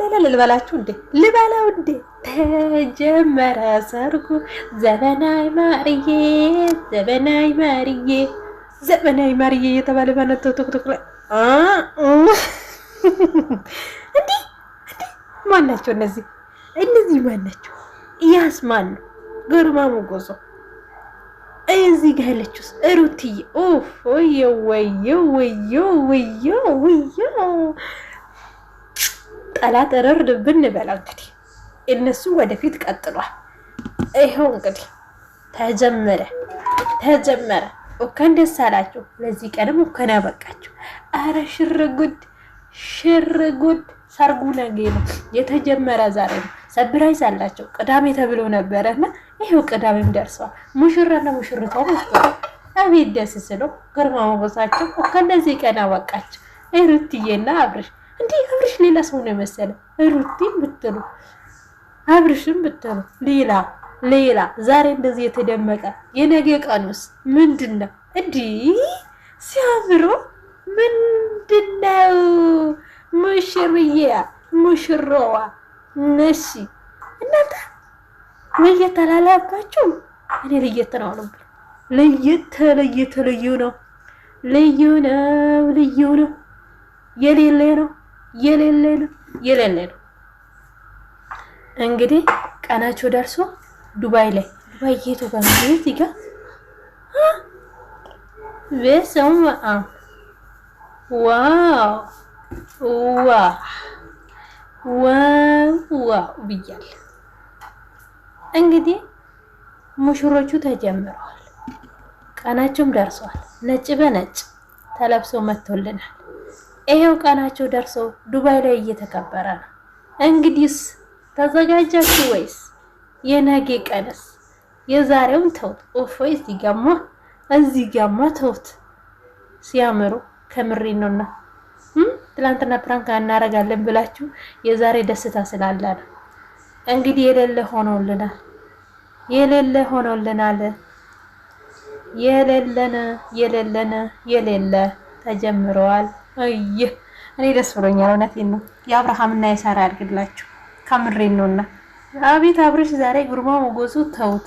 ለለለለለ ልበላችሁ እንዴ ልበላው እንዴ? ተጀመረ ሰርጉ ዘበናይ ማርዬ ዘበናይ ማርዬ ዘበናይ ማርዬ የተባለ ባነት ቶክቶክ ላይ እንዲ እንዲ ማን ናቸው እነዚህ? እነዚህ ማን ናቸው? እያስ ማን ነው? ግርማ ሞገሱ እዚህ ጋር ያለችውስ ሩትዬ ኦፍ ወየው ወየው ወየው ወየው ወየው ጠላት እርር ብንበላ እንግዲህ እነሱ ወደፊት ቀጥሏል። ይኸው እንግዲህ ተጀመረ ተጀመረ። እንኳን ደስ አላችሁ። ለዚህ ቀንም እንኳን ያበቃችሁ። አረ ሽርጉድ ሽርጉድ ሰርጉ ነገ ነው የተጀመረ፣ ዛሬ ነው። ሰብራይዝ አላቸው ቅዳሜ ተብሎ ነበረና ይሄው ቅዳሜም ደርሰዋል። ሙሽራና ሙሽርታው ነው። አቤት ደስ ስለው ግርማ ሞገሳቸው። እንኳን ለዚህ ቀን ያበቃችሁ ሩትዬና አብርሽ እንዲህ አብርሽ ሌላ ሰው ነው የመሰለ ሩቲን ብትሉ አብርሽም ብትሉ ሌላ ሌላ። ዛሬ እንደዚህ የተደመቀ የነገ ቀኑስ ምንድን ነው? እንዲህ ሲያምሩ ምንድን ነው? ሙሽርዬ ሙሽሮዋ ነሺ እናንተ ለየት አላላባችሁም? እኔ ለየት ነው ነበር። ለየት ለየት ልዩ ነው ልዩ ነው ልዩ ነው የሌለ ነው። የሌለ ነው የሌለ ነው። እንግዲህ ቀናቸው ደርሶ ዱባይ ላይ ዱባይ የቱ ጋር ምንድነው ይጋ ዋው ዋ ዋው ዋው እንግዲህ ሙሽሮቹ ተጀምረዋል። ቀናቸውም ደርሰዋል። ነጭ በነጭ ተለብሶ መጥቶልናል። ይሄው ቀናቸው ደርሶ ዱባይ ላይ እየተከበረ ነው። እንግዲህስ ተዘጋጃችሁ ወይስ? የነገ ቀንስ የዛሬውን ተውት። ኦፎ እዚህ ጋማ እዚህ ጋማ ተውት። ሲያምሩ ከምሬ ነውና ትላንትና ፕራንክ እናረጋለን ብላችሁ የዛሬ ደስታ ስላለ ነው። እንግዲህ የሌለ ሆኖልናል፣ የሌለ ሆኖልናል፣ የሌለነ የሌለነ የሌለ ተጀምረዋል። አይ እኔ ደስ ብሎኛል። እውነቴን ነው። እና የሳራ ያድርግላችሁ። ከምሬን ነውና አቤት አብርሽ ዛሬ ግርማ ሞገሱ ተውት።